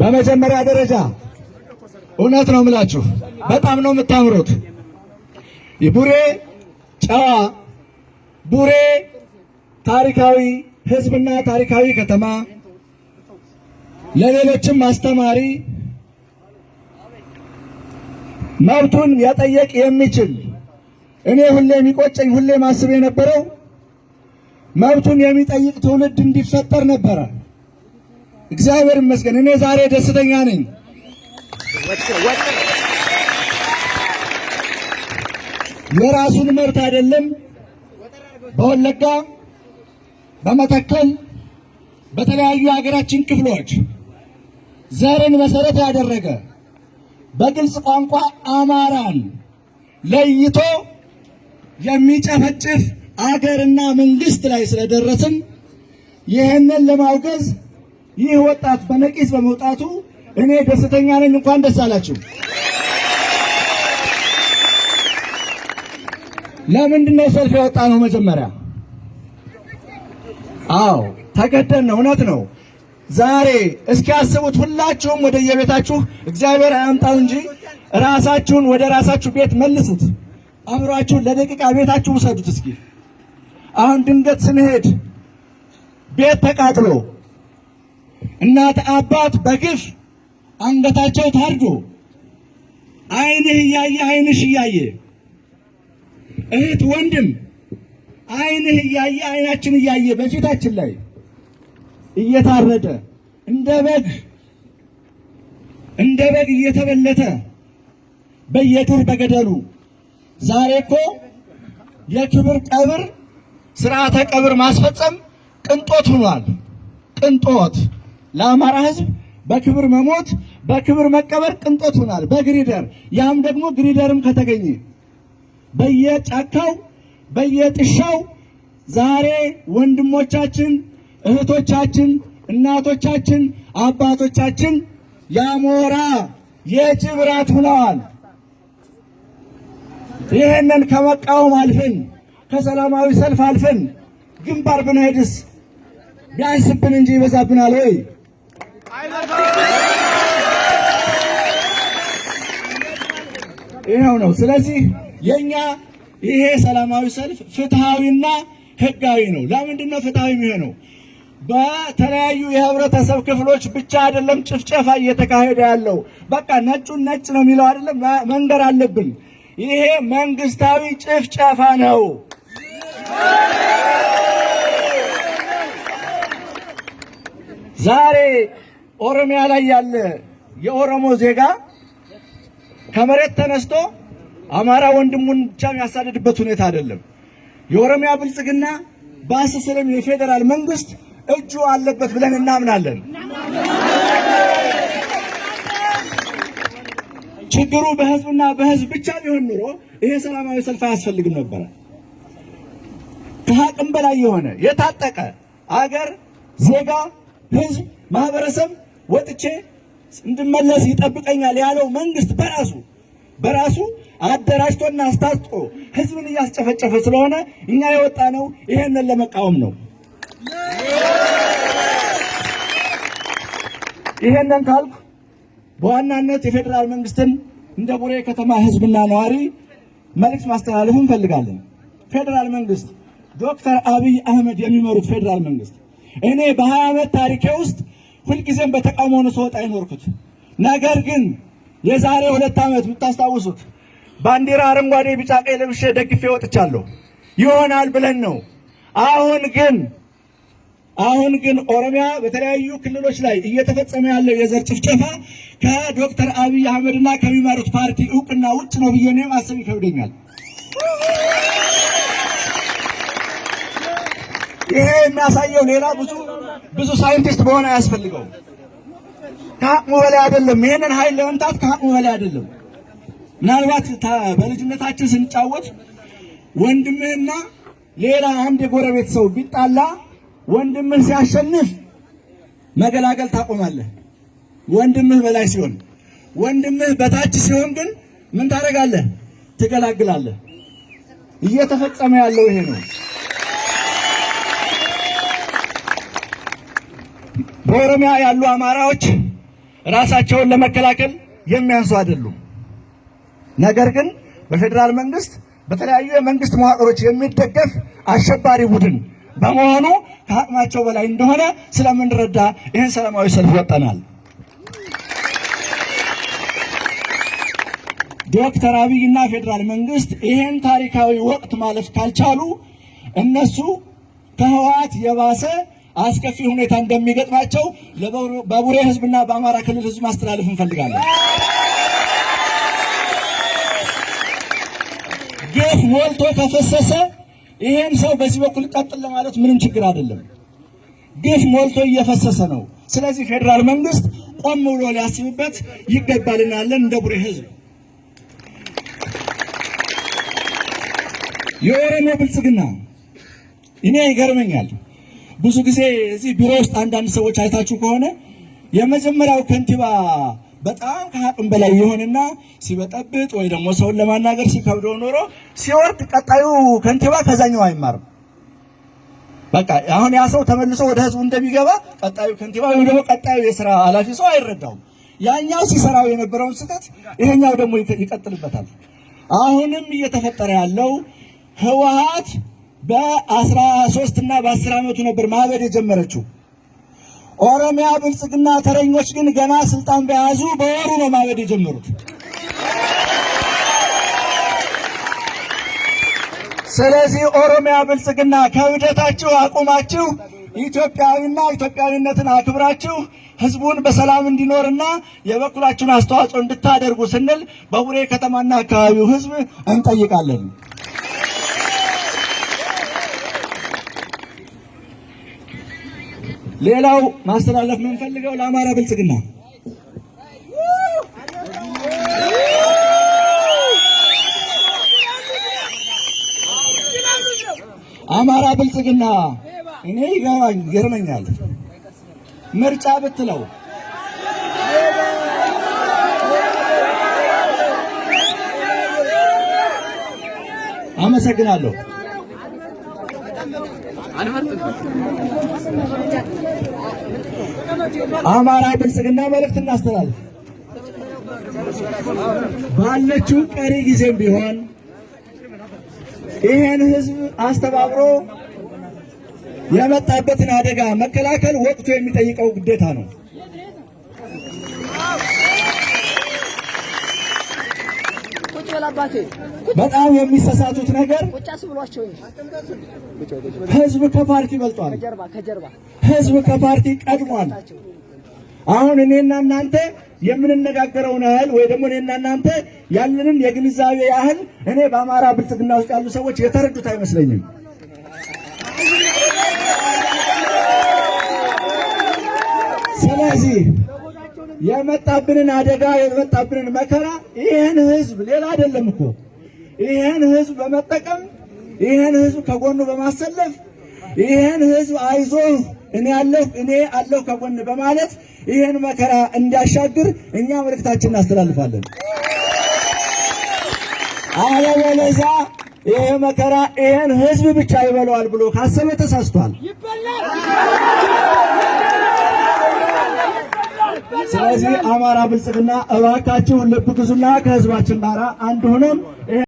በመጀመሪያ ደረጃ እውነት ነው የምላችሁ፣ በጣም ነው የምታምሩት። ቡሬ ጨዋ፣ ቡሬ ታሪካዊ ህዝብና ታሪካዊ ከተማ፣ ለሌሎችም አስተማሪ፣ መብቱን ያጠየቅ የሚችል እኔ ሁሌ የሚቆጨኝ ሁሌ ማስብ የነበረው መብቱን የሚጠይቅ ትውልድ እንዲፈጠር ነበረ። እግዚአብሔር ይመስገን፣ እኔ ዛሬ ደስተኛ ነኝ። የራሱን መብት አይደለም በወለጋ በመተከል በተለያዩ የሀገራችን ክፍሎች ዘርን መሰረት ያደረገ በግልጽ ቋንቋ አማራን ለይቶ የሚጨፈጭፍ አገርና መንግስት ላይ ስለደረስን ይህንን ለማውገዝ ይህ ወጣት በነቂስ በመውጣቱ እኔ ደስተኛ ነኝ። እንኳን ደስ አላችሁ። ለምንድን ነው ሰልፍ ያወጣ ነው? መጀመሪያ አዎ ተገደን ነው። እውነት ነው። ዛሬ እስኪ ያስቡት ሁላችሁም ወደ የቤታችሁ እግዚአብሔር አያምጣው እንጂ ራሳችሁን ወደ ራሳችሁ ቤት መልሱት። አእምሯችሁን ለደቂቃ ቤታችሁ ውሰዱት እስኪ አሁን ድንገት ስንሄድ ቤት ተቃጥሎ እናት አባት በግፍ አንገታቸው ታርዶ አይንህ እያየ አይንሽ እያየ እህት ወንድም አይንህ እያየ አይናችን እያየ በፊታችን ላይ እየታረደ እንደ በግ እንደ በግ እየተበለተ በየዱር በገደሉ ዛሬ እኮ የክብር ቀብር ስርዓተ ቀብር ማስፈጸም ቅንጦት ሆኗል። ቅንጦት ለአማራ ህዝብ በክብር መሞት በክብር መቀበር ቅንጦት ሆኗል። በግሪደር ያም ደግሞ ግሪደርም ከተገኘ በየጫካው በየጥሻው ዛሬ ወንድሞቻችን፣ እህቶቻችን፣ እናቶቻችን፣ አባቶቻችን የአሞራ የጅብ ራት ሆነዋል። ይህንን ከመቃወም አልፍን ከሰላማዊ ሰልፍ አልፈን ግንባር ብንሄድስ ቢያንስብን እንጂ ይበዛብናል ወይ? ይኸው ነው። ስለዚህ የእኛ ይሄ ሰላማዊ ሰልፍ ፍትሃዊና ህጋዊ ነው። ለምንድን ነው ፍትሐዊ የሚሆነው? በተለያዩ የህብረተሰብ ክፍሎች ብቻ አይደለም ጭፍጨፋ እየተካሄደ ያለው። በቃ ነጩን ነጭ ነው የሚለው አይደለም መንገር አለብን። ይሄ መንግስታዊ ጭፍጨፋ ነው። ዛሬ ኦሮሚያ ላይ ያለ የኦሮሞ ዜጋ ከመሬት ተነስቶ አማራ ወንድሙን ብቻ የሚያሳድድበት ሁኔታ አይደለም። የኦሮሚያ ብልጽግና በአስስልም የፌዴራል መንግስት እጁ አለበት ብለን እናምናለን። ችግሩ በህዝብና በህዝብ ብቻ ቢሆን ኑሮ ይሄ ሰላማዊ ሰልፍ አያስፈልግም ነበራል። ከአቅም በላይ የሆነ የታጠቀ አገር፣ ዜጋ፣ ህዝብ፣ ማህበረሰብ ወጥቼ እንድመለስ ይጠብቀኛል ያለው መንግስት በራሱ በራሱ አደራጅቶና አስታጥቆ ህዝብን እያስጨፈጨፈ ስለሆነ እኛ የወጣ ነው ይሄንን ለመቃወም ነው። ይሄንን ካልኩ በዋናነት የፌዴራል መንግስትን እንደ ቡሬ ከተማ ህዝብና ነዋሪ መልእክት ማስተላለፍ እንፈልጋለን። ፌዴራል መንግስት ዶክተር አብይ አህመድ የሚመሩት ፌዴራል መንግስት እኔ በሀያ ዓመት ታሪኬ ውስጥ ሁልጊዜም በተቃውሞ ነው ስወጣ አይኖርኩት። ነገር ግን የዛሬ ሁለት ዓመት የምታስታውሱት ባንዲራ አረንጓዴ፣ ቢጫ፣ ቀይ ለብሼ ደግፌ ወጥቻለሁ ይሆናል ብለን ነው። አሁን ግን አሁን ግን ኦሮሚያ በተለያዩ ክልሎች ላይ እየተፈጸመ ያለው የዘር ጭፍጨፋ ከዶክተር አብይ አህመድና ከሚመሩት ፓርቲ እውቅና ውጭ ነው ብዬ እኔም አስብ ይከብደኛል። ይሄ የሚያሳየው ሌላ ብዙ ብዙ ሳይንቲስት በሆነ አያስፈልገው። ከአቅሙ በላይ አይደለም። ይሄንን ኃይል ለመምታት ከአቅሙ በላይ አይደለም። ምናልባት በልጅነታችን ስንጫወት ወንድምህና ሌላ አንድ የጎረቤት ሰው ቢጣላ ወንድምህ ሲያሸንፍ መገላገል ታቆማለህ። ወንድምህ በላይ ሲሆን፣ ወንድምህ በታች ሲሆን ግን ምን ታደርጋለህ? ትገላግላለህ። እየተፈጸመ ያለው ይሄ ነው። በኦሮሚያ ያሉ አማራዎች ራሳቸውን ለመከላከል የሚያንሱ አይደሉም። ነገር ግን በፌዴራል መንግስት በተለያዩ የመንግስት መዋቅሮች የሚደገፍ አሸባሪ ቡድን በመሆኑ ከአቅማቸው በላይ እንደሆነ ስለምንረዳ ይህን ሰላማዊ ሰልፍ ወጠናል። ዶክተር ና ፌዴራል መንግስት ይህን ታሪካዊ ወቅት ማለፍ ካልቻሉ እነሱ ከህወሓት የባሰ አስከፊ ሁኔታ እንደሚገጥማቸው በቡሬ ህዝብና በአማራ ክልል ህዝብ ማስተላለፍ እንፈልጋለን። ግፍ ሞልቶ ከፈሰሰ ይሄን ሰው በዚህ በኩል ቀጥል ለማለት ምንም ችግር አይደለም። ግፍ ሞልቶ እየፈሰሰ ነው። ስለዚህ ፌዴራል መንግስት ቆም ብሎ ሊያስብበት ይገባልናለን። እንደ ቡሬ ህዝብ የኦሮሞ ብልጽግና እኔ ይገርመኛል። ብዙ ጊዜ እዚህ ቢሮ ውስጥ አንዳንድ ሰዎች አይታችሁ ከሆነ የመጀመሪያው ከንቲባ በጣም ከአቅም በላይ የሆንና ሲበጠብጥ ወይ ደግሞ ሰውን ለማናገር ሲከብደው ኖሮ ሲወርድ ቀጣዩ ከንቲባ ከዛኛው አይማርም። በቃ አሁን ያ ሰው ተመልሶ ወደ ህዝቡ እንደሚገባ ቀጣዩ ከንቲባ ወይ ደግሞ ቀጣዩ የስራ ኃላፊ ሰው አይረዳውም። ያኛው ሲሰራው የነበረውን ስህተት ይሄኛው ደግሞ ይቀጥልበታል። አሁንም እየተፈጠረ ያለው ህወሓት በአስራ ሶስት እና በአስር ዓመቱ ነበር ማበድ የጀመረችው። ኦሮሚያ ብልጽግና ተረኞች ግን ገና ስልጣን በያዙ በወሩ ነው ማበድ የጀመሩት። ስለዚህ ኦሮሚያ ብልጽግና ከእብደታችሁ አቁማችሁ ኢትዮጵያዊና ኢትዮጵያዊነትን አክብራችሁ ህዝቡን በሰላም እንዲኖርና የበኩላችሁን አስተዋጽኦ እንድታደርጉ ስንል በቡሬ ከተማና አካባቢው ህዝብ እንጠይቃለን። ሌላው ማስተላለፍ የምንፈልገው ለአማራ ብልጽግና አማራ ብልጽግና እኔ ይገባኝ ይገርመኛል። ምርጫ ብትለው አመሰግናለሁ። አማራ ብልጽግና መልእክት እናስተላልፍ። ባለችው ቀሪ ጊዜም ቢሆን ይህን ህዝብ አስተባብሮ የመጣበትን አደጋ መከላከል ወቅቱ የሚጠይቀው ግዴታ ነው። በጣም የሚሰሳቱት ነገር ህዝብ ከፓርቲ በልጧል። ህዝብ ከፓርቲ ቀድሟል። አሁን እኔና እናንተ የምንነጋገረውን ያህል ወይ ደግሞ እኔና እናንተ ያለንን የግንዛቤ ያህል እኔ በአማራ ብልጽግና ውስጥ ያሉ ሰዎች የተረዱት አይመስለኝም። ስለዚህ የመጣብንን አደጋ የመጣብንን መከራ ይህን ህዝብ ሌላ አይደለም እኮ ይህን ህዝብ በመጠቀም ይህን ህዝብ ከጎኑ በማሰለፍ ይህን ህዝብ አይዞህ እኔ አለሁ እኔ አለሁ ከጎን በማለት ይህን መከራ እንዲያሻግር እኛ መልእክታችን እናስተላልፋለን። አለበለዛ ይሄ መከራ ይህን ህዝብ ብቻ ይበለዋል ብሎ ካሰበ ተሳስቷል። ስለዚህ አማራ ብልጽግና እባካችሁን ልብ ግዙና ከህዝባችን ጋራ አንድ ሆነን